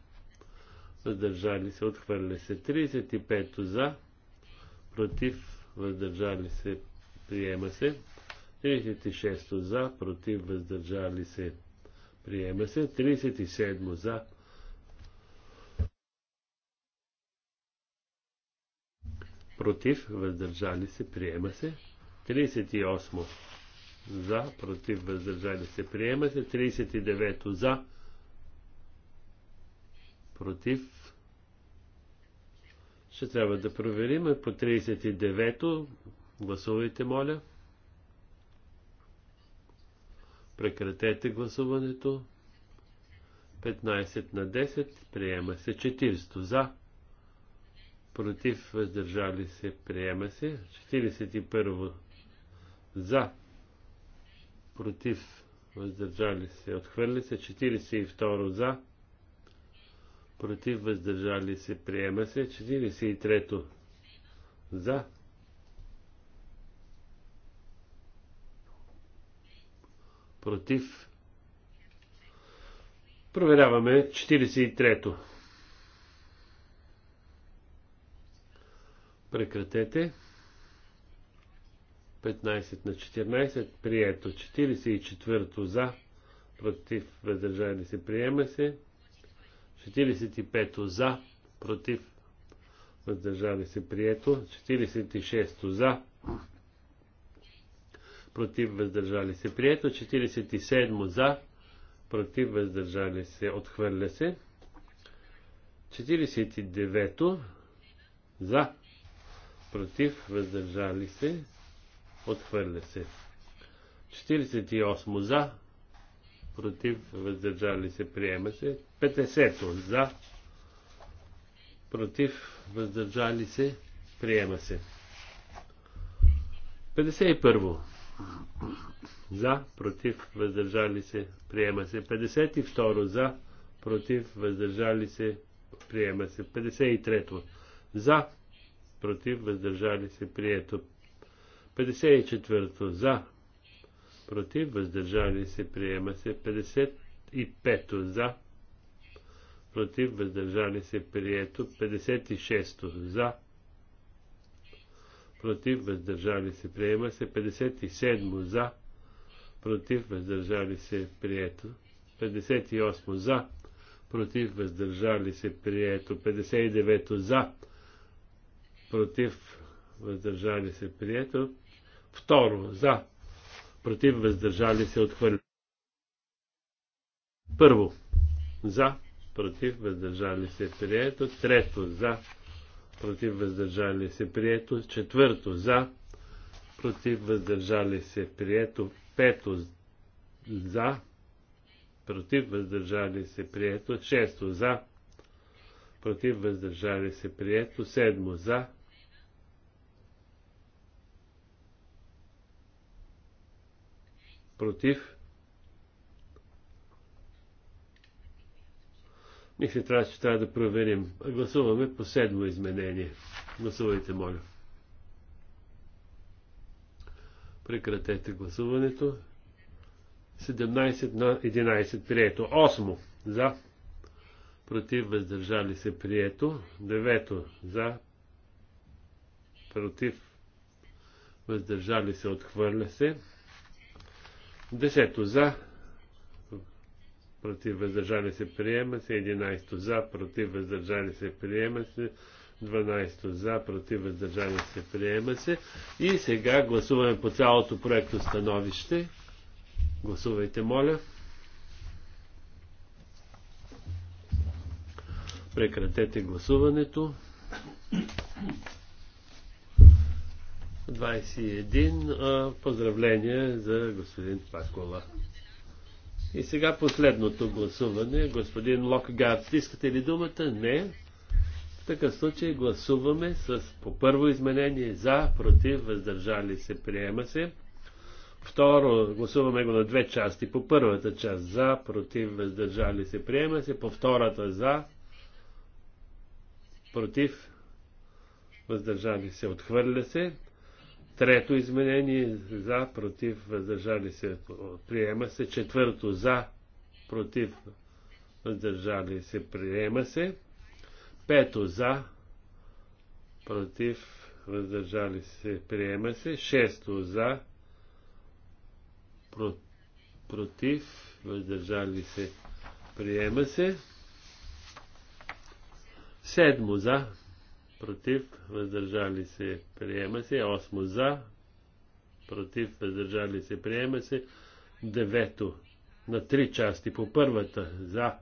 [SPEAKER 3] въздържали се, отхвърля се. 35 за, против, въздържали се, приема се. 36 за, против, въздържали се, приема се. 37 за, против, въздържали се, приема се. 38 за, против, въздържали се, приема се. 39 за, против. Ще трябва да проверим по 39-то. Гласувайте, моля. Прекратете гласуването. 15 на 10. Приема се 400 за. Против въздържали се. Приема се. 41 за. Против въздържали се. Отхвърли се. 42 за против въздържали се, приема се. 43-то за, против. Проверяваме 43-то. Прекратете. 15 на 14, прието 44 то за, против въздържали се, приема се. 45 за, против, въздържали се прието, 46 за, против, въздържали се прието, 47 за, против, въздържали се, отхвърля се, 49 за, против, въздържали се, отхвърля се. 48 за, против, въздържали се, приема се. 50-то за, против, въздържали се, приема се. 51 за, против, въздържали се, приема се. 52 за, против, въздържали се, приема се. 53 за, против, въздържали се, прието. 54 за, против, въздържали се, приема се. 55 за, против, въздържали се, прието. 56-то за, против, въздържали се, приема се. 57-мо за, против, въздържали се, прието. 58-мо за, против, въздържали се, прието. 59-то за, против, въздържали се, прието. Второ, за, против, въздържали се, отхвърля. Първо, за, против, въздържали се, прието. Трето за, против, въздържали се, прието. Четвърто за, против, въздържали се, прието. Пето за, против, въздържали се, прието. Шесто за, против, въздържали се, прието. Седмо за, против, Мисля, трябва, че трябва да проверим. Гласуваме по седмо изменение. Гласувайте, моля. Прекратете гласуването. 17 на 11 прието. 8 за. Против въздържали се прието. 9 за. Против въздържали се отхвърля се. 10 за против въздържали се, приема се, 11 за, против въздържали се, приема се, 12 за, против въздържали се, приема се. И сега гласуваме по цялото проекто становище. Гласувайте, моля. Прекратете гласуването. 21. Поздравление за господин Пакола. И сега последното гласуване. Господин Локгард, искате ли думата? Не. В такъв случай гласуваме с по първо изменение за, против, въздържали се, приема се. Второ, гласуваме го на две части. По първата част за, против, въздържали се, приема се. По втората за, против, въздържали се, отхвърля се. Трето изменение за, против, въздържали се, приема се. Четвърто за, против, въздържали се, приема се. Пето за, против, въздържали се, приема се. Шесто за, про, против, въздържали се, приема се. Седмо за, против, въздържали се, приема се. Осмо за, против, въздържали се, приема се. Девето на три части по първата за,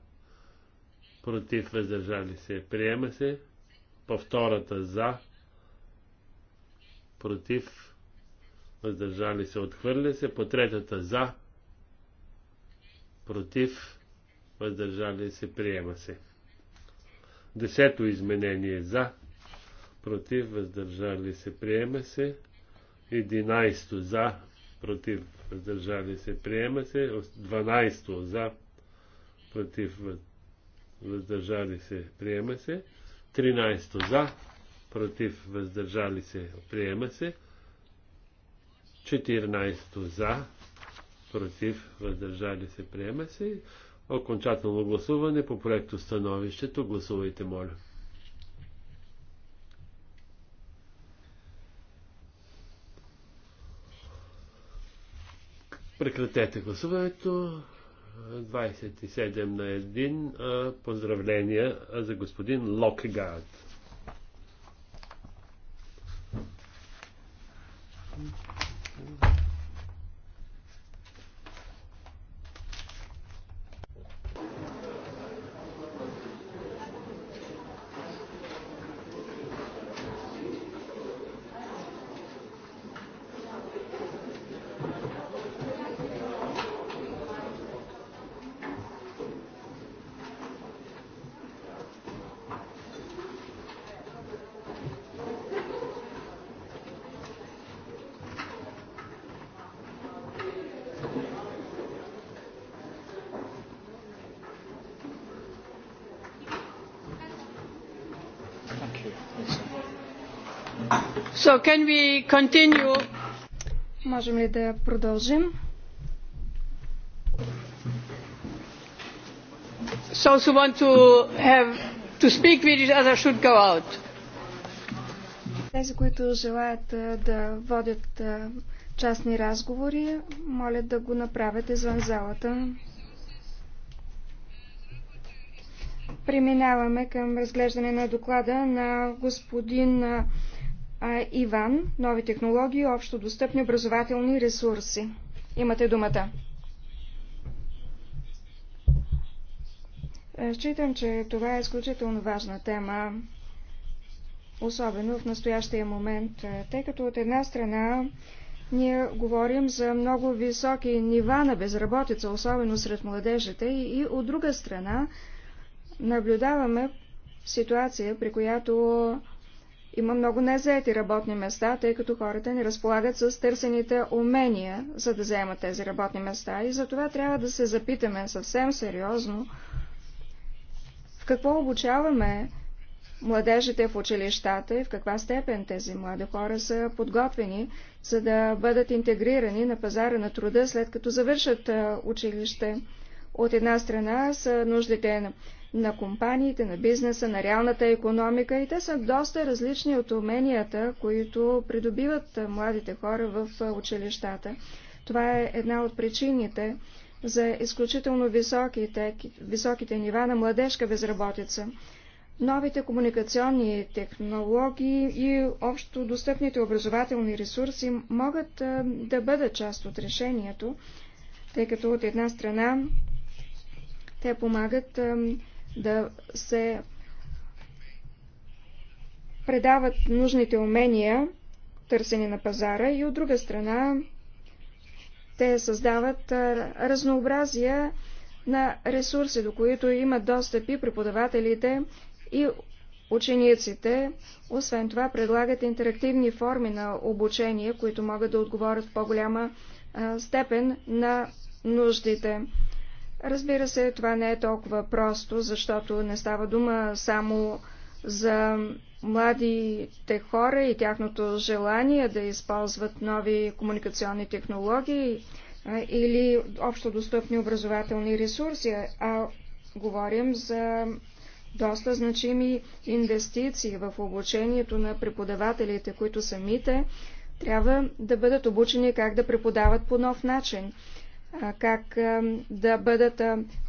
[SPEAKER 3] против, въздържали се, приема се. По втората за, против, въздържали се, отхвърля се. По третата за, против, въздържали се, приема се. Десето изменение за, против, въздържали се, приема се. 11 за, против, въздържали се, приема се. 12 за, против, въздържали се, приема се. 13 за, против, въздържали се, приема се. 14 за, против, въздържали се, приема се. Окончателно гласуване по проекто становището. Гласувайте, моля. Прекратете гласуването. 27 на 1. Поздравления за господин Локгард.
[SPEAKER 2] can we continue? Можем ли да продължим?
[SPEAKER 3] want to
[SPEAKER 2] have to speak with
[SPEAKER 3] each other should go out.
[SPEAKER 2] Тези, които желаят да водят частни разговори, моля да го направят извън залата. Преминаваме към разглеждане на доклада на господин Иван, нови технологии, общо достъпни образователни ресурси. Имате думата. Е, считам, че това е изключително важна тема, особено в настоящия момент, е, тъй като от една страна ние говорим за много високи нива на безработица, особено сред младежите, и от друга страна наблюдаваме ситуация, при която има много незаети работни места, тъй като хората не разполагат с търсените умения, за да заемат тези работни места. И затова трябва да се запитаме съвсем сериозно в какво обучаваме младежите в училищата и в каква степен тези млади хора са подготвени, за да бъдат интегрирани на пазара на труда, след като завършат училище. От една страна са нуждите на на компаниите, на бизнеса, на реалната економика и те са доста различни от уменията, които придобиват младите хора в училищата. Това е една от причините за изключително високите, високите нива на младежка безработица. Новите комуникационни технологии и общо достъпните образователни ресурси могат да бъдат част от решението, тъй като от една страна те помагат да се предават нужните умения, търсени на пазара, и от друга страна те създават разнообразия на ресурси, до които имат достъп и преподавателите и учениците. Освен това предлагат интерактивни форми на обучение, които могат да отговорят в по-голяма степен на нуждите. Разбира се, това не е толкова просто, защото не става дума само за младите хора и тяхното желание да използват нови комуникационни технологии или общо достъпни образователни ресурси, а говорим за доста значими инвестиции в обучението на преподавателите, които самите трябва да бъдат обучени как да преподават по нов начин как да бъдат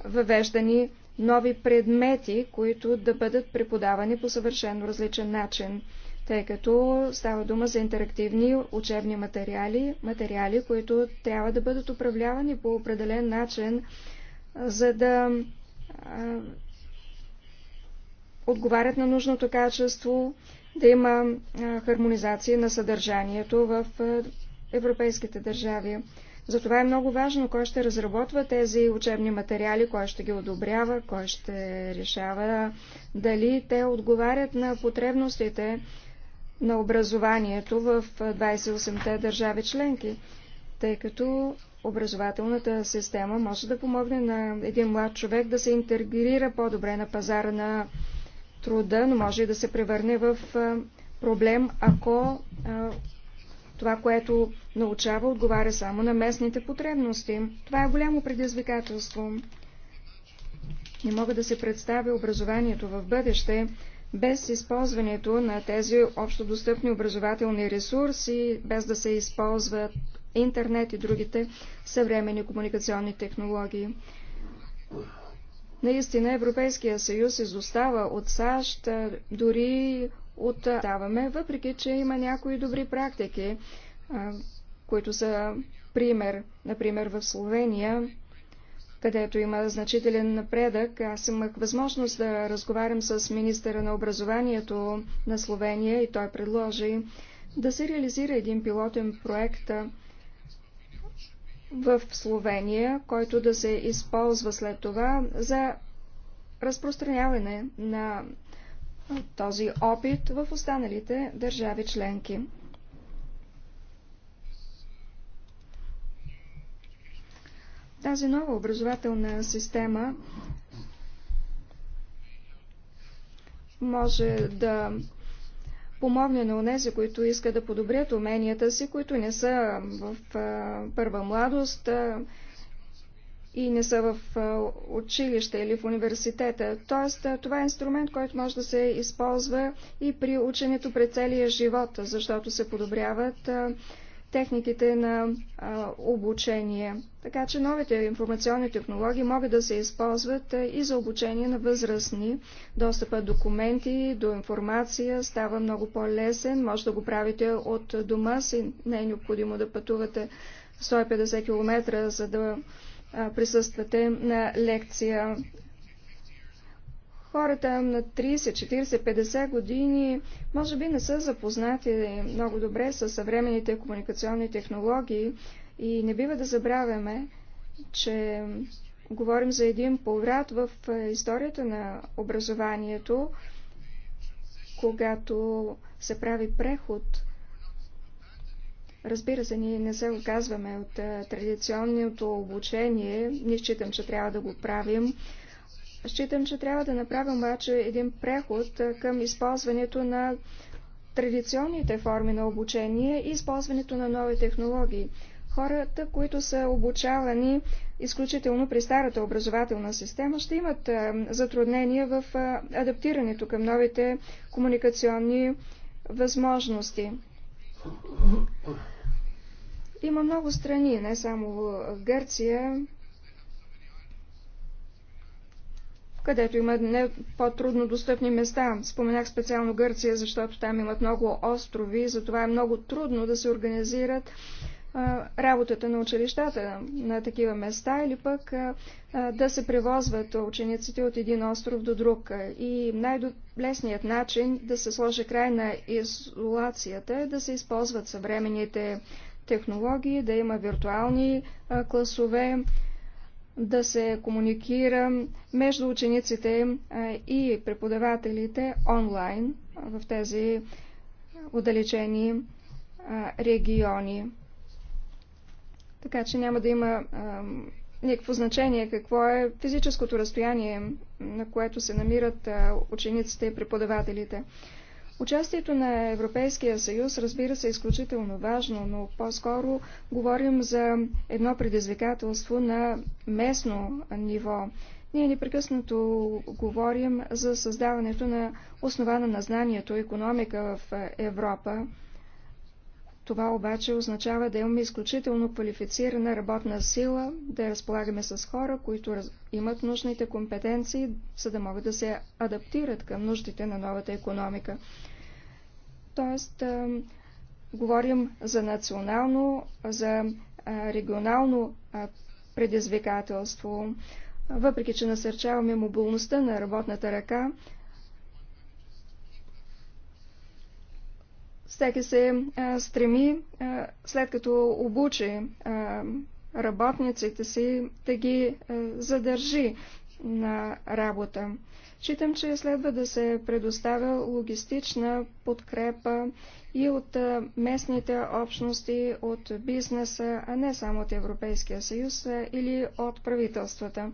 [SPEAKER 2] въвеждани нови предмети, които да бъдат преподавани по съвършено различен начин, тъй като става дума за интерактивни учебни материали, материали, които трябва да бъдат управлявани по определен начин, за да отговарят на нужното качество, да има хармонизация на съдържанието в европейските държави. Затова е много важно кой ще разработва тези учебни материали, кой ще ги одобрява, кой ще решава дали те отговарят на потребностите на образованието в 28-те държави членки, тъй като образователната система може да помогне на един млад човек да се интегрира по-добре на пазара на труда, но може и да се превърне в проблем, ако това, което научава, отговаря само на местните потребности. Това е голямо предизвикателство. Не мога да се представя образованието в бъдеще без използването на тези общодостъпни образователни ресурси, без да се използват интернет и другите съвремени комуникационни технологии. Наистина Европейския съюз изостава от САЩ, дори отдаваме, въпреки че има някои добри практики, които са пример. Например, в Словения, където има значителен напредък, аз имах възможност да разговарям с министъра на образованието на Словения и той предложи да се реализира един пилотен проект в Словения, който да се използва след това за разпространяване на този опит в останалите държави членки. Тази нова образователна система може да помогне на онези, които искат да подобрят уменията си, които не са в първа младост, и не са в училище или в университета. Тоест, това е инструмент, който може да се използва и при ученето при целия живот, защото се подобряват техниките на обучение. Така че новите информационни технологии могат да се използват и за обучение на възрастни. Достъпа документи, до информация става много по-лесен. Може да го правите от дома си. Не е необходимо да пътувате 150 км, за да присъствате на лекция. Хората на 30, 40, 50 години може би не са запознати много добре с съвременните комуникационни технологии и не бива да забравяме, че говорим за един поврат в историята на образованието, когато се прави преход Разбира се, ние не се оказваме от традиционното обучение. Не считам, че трябва да го правим. Считам, че трябва да направим обаче един преход към използването на традиционните форми на обучение и използването на нови технологии. Хората, които са обучавани изключително при старата образователна система, ще имат затруднения в адаптирането към новите комуникационни възможности. Има много страни, не само Гърция, където има не по-трудно достъпни места. Споменах специално Гърция, защото там имат много острови, затова е много трудно да се организират работата на училищата на такива места или пък да се превозват учениците от един остров до друг. И най-лесният начин да се сложи край на изолацията е да се използват съвременните технологии, да има виртуални класове, да се комуникира между учениците и преподавателите онлайн в тези отдалечени региони. Така че няма да има а, никакво значение какво е физическото разстояние, на което се намират а, учениците и преподавателите. Участието на Европейския съюз, разбира се, е изключително важно, но по-скоро говорим за едно предизвикателство на местно ниво. Ние непрекъснато говорим за създаването на основана на знанието економика в Европа. Това обаче означава да имаме изключително квалифицирана работна сила, да разполагаме с хора, които раз... имат нужните компетенции, за да могат да се адаптират към нуждите на новата економика. Тоест, а, говорим за национално, за а, регионално а, предизвикателство. Въпреки, че насърчаваме мобилността на работната ръка, Всеки се стреми, след като обучи работниците си, да ги задържи на работа. Читам, че следва да се предоставя логистична подкрепа и от местните общности, от бизнеса, а не само от Европейския съюз или от правителствата.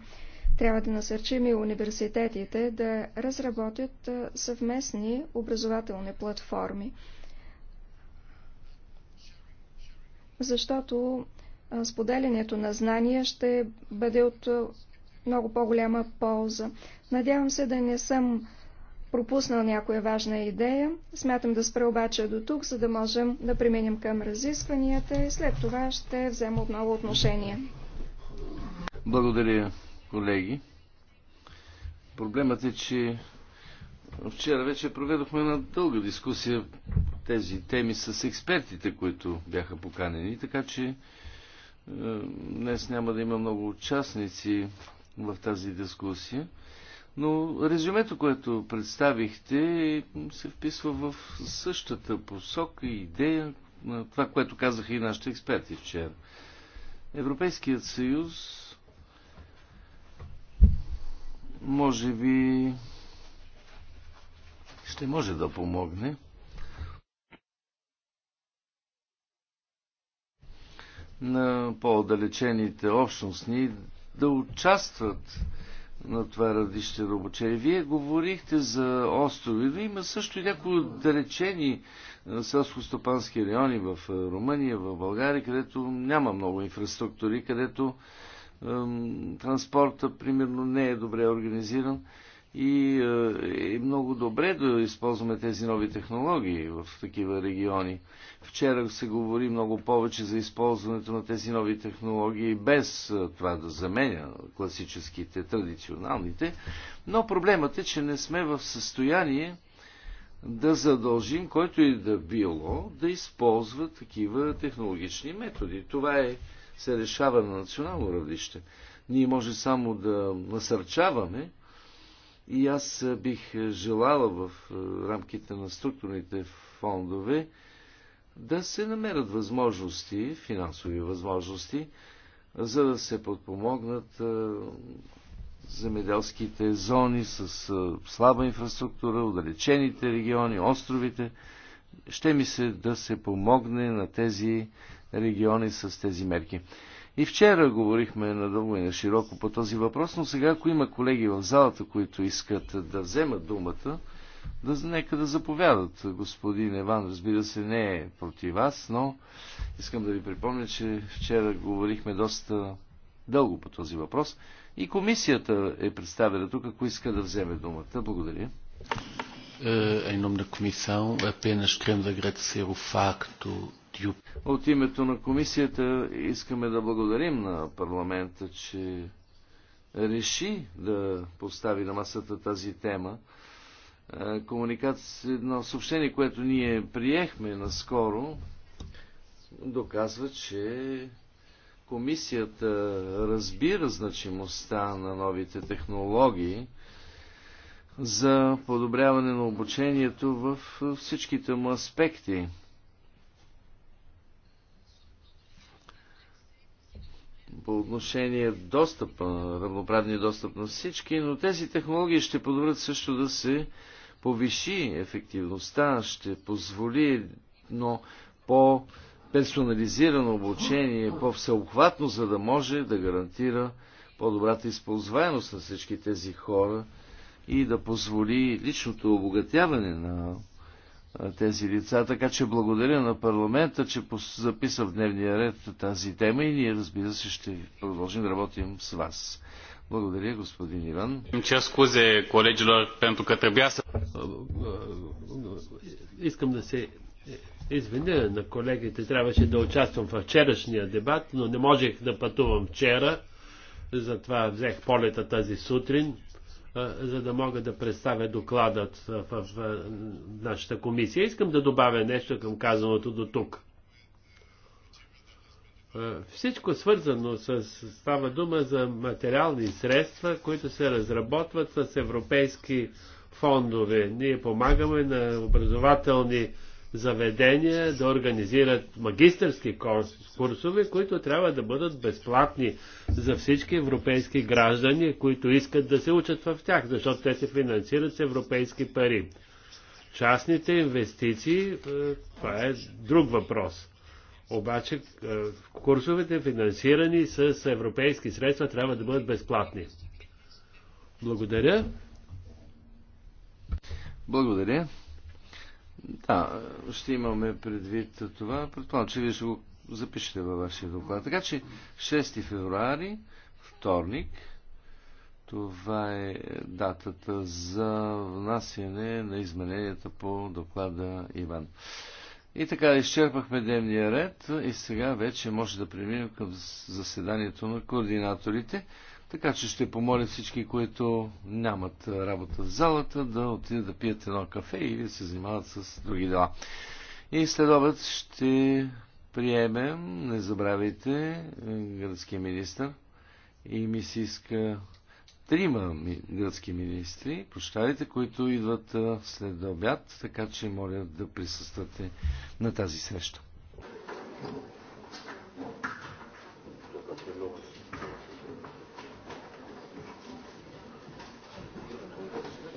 [SPEAKER 2] Трябва да насърчим и университетите да разработят съвместни образователни платформи. защото споделянето на знания ще бъде от много по-голяма полза. Надявам се да не съм пропуснал някоя важна идея. Смятам да спра обаче до тук, за да можем да преминем към разискванията и след това ще взема отново отношение.
[SPEAKER 1] Благодаря, колеги. Проблемът е, че Вчера вече проведохме една дълга дискусия тези теми с експертите, които бяха поканени, така че е, днес няма да има много участници в тази дискусия. Но резюмето, което представихте, се вписва в същата посока и идея на това, което казаха и нашите експерти вчера. Европейският съюз може би ще може да помогне. на по отдалечените общностни да участват на това радище на обучение. Вие говорихте за острови, но има също и някои отдалечени селско-стопански райони в Румъния, в България, където няма много инфраструктури, където ем, транспорта, примерно, не е добре организиран и е много добре да използваме тези нови технологии в такива региони. Вчера се говори много повече за използването на тези нови технологии без е, това да заменя класическите, традиционалните, но проблемът е, че не сме в състояние да задължим който и да било да използва такива технологични методи. Това е, се решава на национално равнище. Ние може само да насърчаваме, и аз бих желала в рамките на структурните фондове да се намерят възможности, финансови възможности, за да се подпомогнат земеделските зони с слаба инфраструктура, отдалечените региони, островите. Ще ми се да се помогне на тези региони с тези мерки. И вчера говорихме надълго и на широко по този въпрос, но сега ако има колеги в залата, които искат да вземат думата, да, нека да заповядат. Господин Еван, разбира се, не е против вас, но искам да ви припомня, че вчера говорихме доста дълго по този въпрос и комисията е представена тук, ако иска да вземе думата. Благодаря. Em nome da Comissão, apenas queremos agradecer o facto от името на комисията искаме да благодарим на парламента, че реши да постави на масата тази тема. Е, Комуникация, едно съобщение, което ние приехме наскоро, доказва, че комисията разбира значимостта на новите технологии за подобряване на обучението в всичките му аспекти. по отношение достъпа, равноправния достъп на всички, но тези технологии ще подобрят също да се повиши ефективността, ще позволи едно по-персонализирано обучение, по-всеобхватно, за да може да гарантира по-добрата използваемост на всички тези хора и да позволи личното обогатяване на тези лица. Така че благодаря на парламента, че записа в дневния ред тази тема и ние разбира се ще продължим да работим с вас. Благодаря, господин Иван. скузе
[SPEAKER 3] колегилор, Искам да се извиня на колегите. Трябваше да участвам в вчерашния дебат, но не можех да пътувам вчера. Затова взех полета тази сутрин за да мога да представя докладът в нашата комисия. Искам да добавя нещо към казаното до тук. Всичко свързано с, става дума за материални средства, които се разработват с европейски фондове. Ние помагаме на образователни заведения да организират магистърски курсове, които трябва да бъдат безплатни за всички европейски граждани, които искат да се учат в тях, защото те се финансират с европейски пари. Частните инвестиции, е, това е друг въпрос. Обаче е, курсовете, финансирани с европейски средства, трябва да бъдат безплатни.
[SPEAKER 1] Благодаря. Благодаря. Да, ще имаме предвид това. Предполагам, че вие ще го запишете във вашия доклад. Така че 6 февруари, вторник, това е датата за внасяне на измененията по доклада Иван. И така, изчерпахме дневния ред и сега вече може да преминем към заседанието на координаторите. Така че ще помоля всички, които нямат работа в залата, да отидат да пият едно кафе или да се занимават с други дела. И след обед ще приемем, не забравяйте, гръцкия министр. И ми се иска трима гръцки министри, прощавайте, които идват след обяд, така че моля да присъствате на тази среща.